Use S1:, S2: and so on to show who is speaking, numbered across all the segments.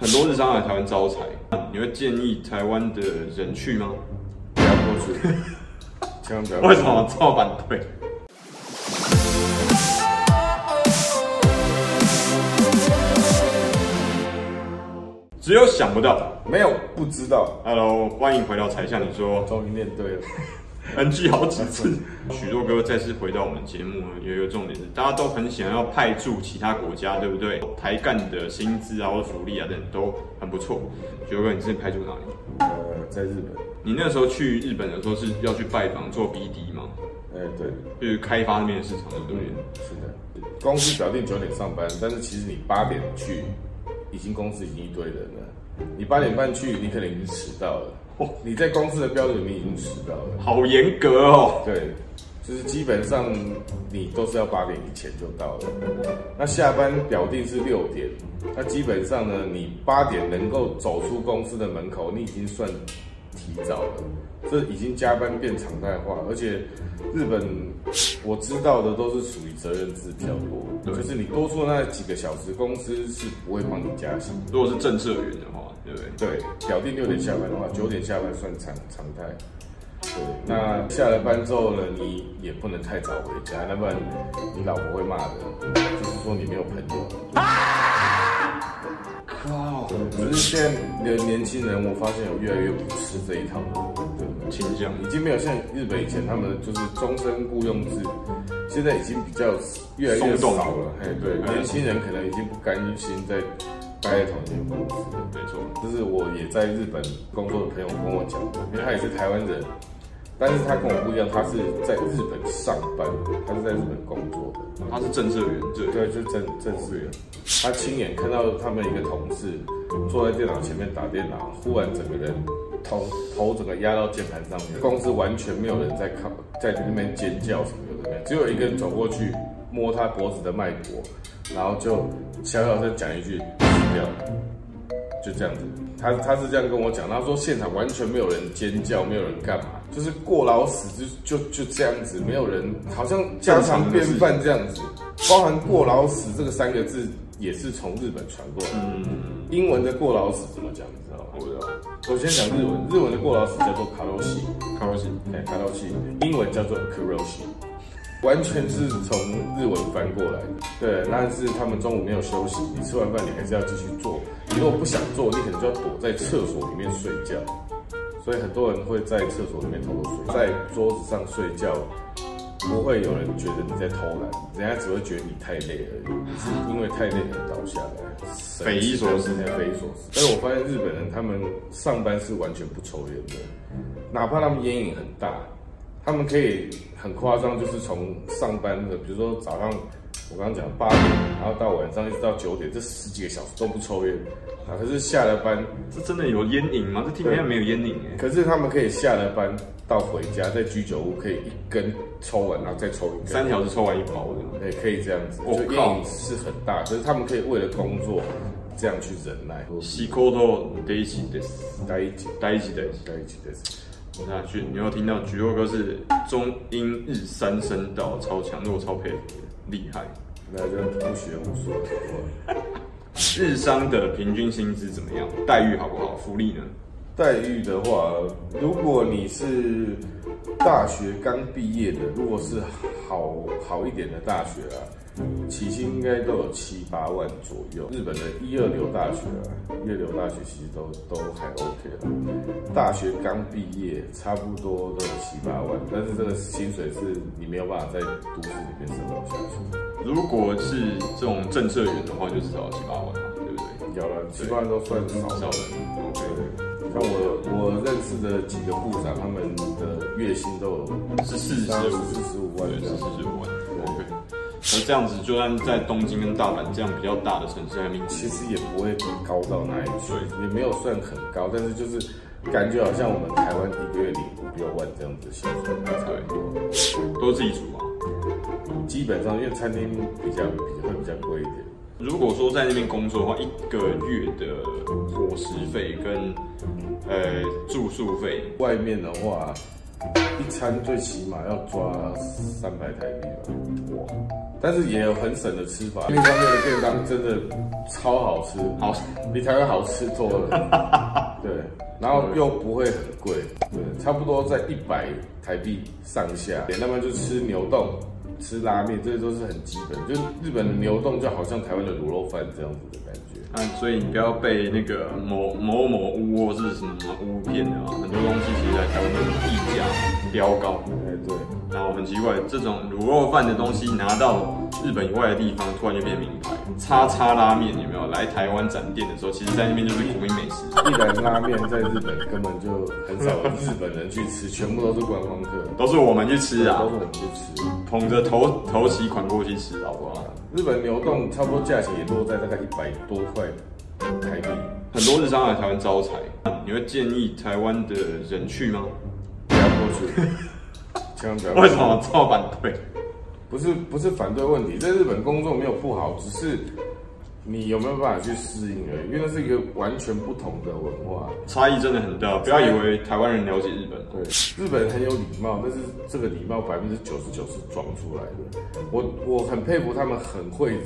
S1: 很多日商來台灣招財，你會建議台灣的人去嗎？不要去，千萬不要！為什麼這麼反對？ 只有想不到，沒有不知道。Hello，歡迎回到柴 Sean 你說，終於念對了。 NG 好幾次，蒟蒻哥再次回到我們節目，有一個重點是，大家都很想要派駐其他國家，對不對？台幹的薪資啊、福利啊等都很不錯。蒟蒻哥，你之前派駐哪裡？呃，在日本。你那時候去日本的
S2: 時候是要去拜訪做 BD 嗎、呃？對。對，是開發那邊的市場。對，嗯、是的。公司表定九點上班，但是其實你八點去，已經公司已經一堆人了。你八點半去，你可能已經遲到了。哦，你在公司的標準你已經遲到了，好嚴格哦。對，就是基本上你都是要八點以前就到了。那下班表定是六點，那基本上呢，你八點能夠走出公司的門口，你已經算。提早了，這已經加班變常態化，而且日本我知道的都是屬於責任制比較多，就是你多做那幾個小時，公司是不會幫你加薪。如果是政策員的話，對不對？對，表定六點下班的話，九、嗯、點下班算常常態。對、嗯，那下了班之後呢，你也不能太早回家，要不然你老婆會罵的，就是說你沒有朋友。Oh, 對，就是現在的年輕人，我發現有越來越不吃這一套的傾向，已經沒有像日本以前他們就是終身僱傭制，嗯，現在已經比較越來越少了。哎，對，年輕人可能已經不甘心再待在同一家公司。沒錯。就是我也在日本工作的朋友跟我講過，因為他也是台灣人。但是他跟我不一樣，他是在日本上班的，他是在日本工作的，嗯、他是正式員，對。對，就是正正式員，他親眼看到他們一個同事坐在電腦前面打電腦，忽然整個人頭頭整個壓到鍵盤上面，公司完全沒有人在看，在那邊尖叫什麼的，只有一個人走過去摸他脖子的脈搏，然後就小小聲講一句死掉，就這樣子。他他是這樣跟我講，他說現場完全沒有人尖叫，沒有人幹嘛，就是過勞死就，就就就這樣子，沒有人，好像家常便飯這樣子。包含過勞死這個三個字也是從日本傳過來。嗯，英文的過勞死、嗯嗯嗯、怎麼講？你知道嗎？不知道。我先講日文，日文的過勞死叫做卡洛西，卡洛西，對，卡洛西，英文叫做 Karoshi 完全是從日文翻過來的，對啊。但是他們中午沒有休息，你吃完飯你還是要繼續做。你如果不想做，你可能就要躲在廁所裡面睡覺。所以很多人會在廁所裡面偷偷睡，在桌子上睡覺，不會有人覺得你在偷懶，人家只會覺得你太累而已。是因為太累了，倒下的，匪夷所思，匪夷所思。但是我發現日本人他們上班是完全不抽煙的，哪怕他們煙癮很大。他們可以很誇張，就是從上班的、那個，比如說早上，我剛剛講八點，然後到晚上一直到九點，這十幾個小時都不抽菸啊。可是下了班，這真的有菸癮嗎、嗯？這聽起來沒有菸癮哎、欸。可是他們可以下了班到回家，在居酒屋可以一根抽完，然後再抽一根。三條子抽完一包的嘛、嗯？對，可以這樣子。我、oh, 靠，是很大、嗯。可是他們可以為了工作、嗯、這樣去忍耐。仕事大事です。大事,事大事,事大事大事です。下去，你有
S1: 聽到蒟蒻哥是中英日三聲道超強，那我超佩服，厲害。那跟不學無術差不多 日商的平均薪資
S2: 怎麼樣？待遇好不好？福利呢？待遇的話，如果你是大學剛畢業的，如果是好好一點的大學啊。起薪應該都有七八萬左右，日本的一二流大學啊，一二流大學其實都都還 OK 了。大學剛畢業，差不多都有七八萬，但是這個薪水是你沒有辦法在都市裡面生活下去。如果是這種政策員的話，嗯、就至少七八萬嘛，對不對？要不然七八萬都算少的，OK、啊。像我我認識的幾個部長，他們的月薪都有是四十四十五萬，四十五萬。那這樣子，就算在東京跟大阪這樣比較大的城市，其實也不會高到哪裡去，也沒有算很高，但是就是感覺好像我們台灣一個月領五六萬這樣子薪水差不多。都自己煮嗎？基本上因為餐廳比較會比較貴一點。如果說在那邊工作的話，一個月的伙食費跟、嗯、呃住宿費，外面的話一餐最起碼要抓三百台幣吧？哇！但是也有很省的吃法，那方面的便當真的超好吃，好、嗯、比台灣好吃多了， 對，然後又不會很貴，對，差不多在一百台幣上下，對，那麼就吃牛丼、嗯，吃拉麵，這些都是很基本，就日本的牛丼就好像台灣的滷肉飯這樣子的感覺。啊，所以你不要被那個某某某屋或是什麼，什麼屋騙了、啊，很多東西其實在台灣都是溢價
S1: 飆高，哎對。對。然後很奇怪，這種滷肉飯的東西拿到日本以外的地方，突然就變名牌。叉叉拉麵有沒有？來台灣展店的時候，其實在那邊就是國民美食。一蘭拉麵在日本根本就很少有日本人去吃， 全部都是觀光客，都是我們去吃啊，都是我們去吃，捧着頭頭期款過去吃，好不好？
S2: 日本牛丼差不多價錢也落在大概一百多塊
S1: 台幣，很多日商來台灣招財。你會建議
S2: 台灣的人去嗎？不要去。 為什麼這麼反對？不是不是反對問題，在日本工作沒有不好，只是你有沒有辦法去適應而已，因為那是一個完全不同的文化，差異真的很大。不要以為台灣人了解日本，對日本很有禮貌，但是這個禮貌百分之九十九是裝出來的。我我很佩服他們，很會忍。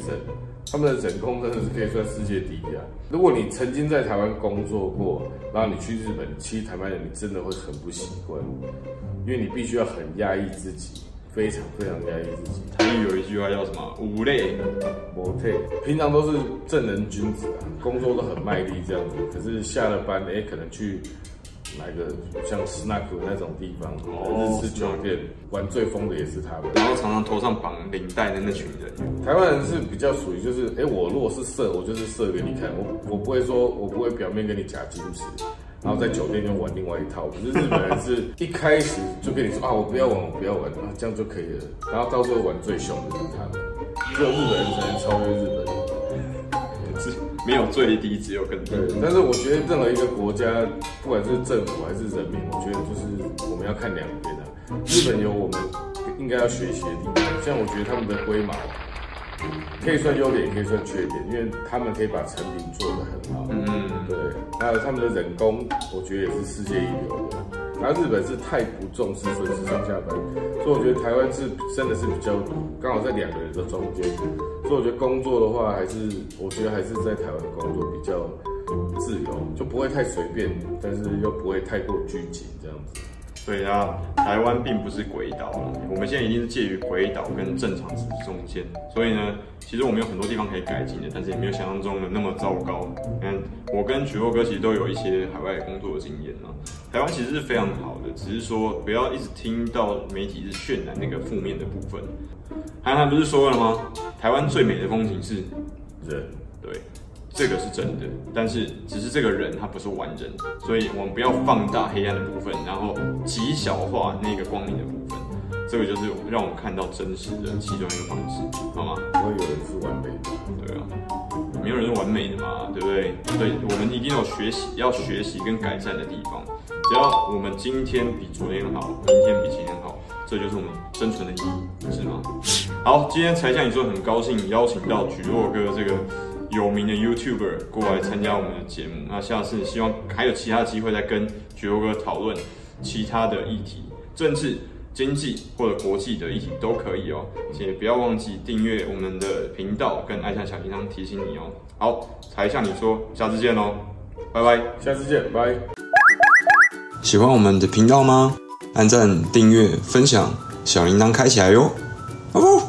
S2: 他們的忍功真的是可以算世界第一啊！如果你曾經在台灣工作過，然後你去日本，其實台灣人你真的會很不習慣。因為你必須要很壓抑自己，非常非常壓抑自己。台語有一句話叫什麼？五類模特，平常都是正人君子啊，工作都很賣力這樣子。 可是下了班，欸，可能去買個像 snack 那種地方，或是吃酒店，哦，玩最瘋的也是他們。然後常常頭上綁領帶的那群人，台灣人是比較屬於就是，哎，欸，我如果是色，我就是色給你看，我我不會說，我不會表面跟你假矜持。然後在酒店就玩另外一套，可是日本人是一開始就跟你說啊，我不要玩，我不要玩，啊，這樣就可以了。然後到時候玩最凶的就是他們，只有日本人才能超越日本人，是、嗯、沒有最低，只有更低。但是我覺得任何一個國家，不管是政府還是人民，我覺得就是我們要看兩邊啊。日本有我們應該要學習的地方，像我覺得他們的龜毛。可以算優點，也可以算缺點，因為他們可以把成品做得很好，嗯、嗯對，還有他們的人工，我覺得也是世界一流的。然後日本是太不重視準時上下班，所以我覺得台灣是真的是比較剛好在兩個人的中間。所以我覺得工作的話，還是我覺得還是在台灣工作比較自由，就不會太隨便，但是又不會太過拘謹這樣子。所以呢，
S1: 台灣並不是鬼島，我們現在已經是介於鬼島跟正常之間。所以呢，其實我們有很多地方可以改進的，但是也沒有想象中的那麼糟糕。嗯，我跟蒟蒻哥其實都有一些海外工作的經驗啊，台灣其實是非常的好的，只是說不要一直聽到媒體是渲染那個負面的部分。韓、啊、寒不是說了嗎？台灣最美的風景是人，對。這個是真的，但是只是這個人他不是完整，所以我們不要放大黑暗的部分，然後極小化那個光明的部分。這個就是讓我們看到真實的其中一個方式，好嗎？
S2: 不會有人是完美的，對啊，
S1: 沒有人是完美的嘛，對不對？所以我們一定有學習要學習跟改善的地方。只要我們今天比昨天好，明天比前天好，這就是我們生存的意義，是嗎？好，今天柴 Sean 你說很高興邀請到蒟蒻哥這個。有名的 YouTuber 過來參加我們的節目，那下次希望還有其他機會再跟蒟蒻哥討論其他的議題，政治、經濟或者國際的議題都可以哦。且也不要忘記訂閱我們的頻道，跟按下小鈴鐺提醒你哦。好，柴 Sean 你說，下次見哦，
S2: 拜拜，下次見，拜。
S1: 喜歡我們的頻道嗎？按讚、
S2: 訂閱、分享，小鈴鐺開起來喲，阿、哦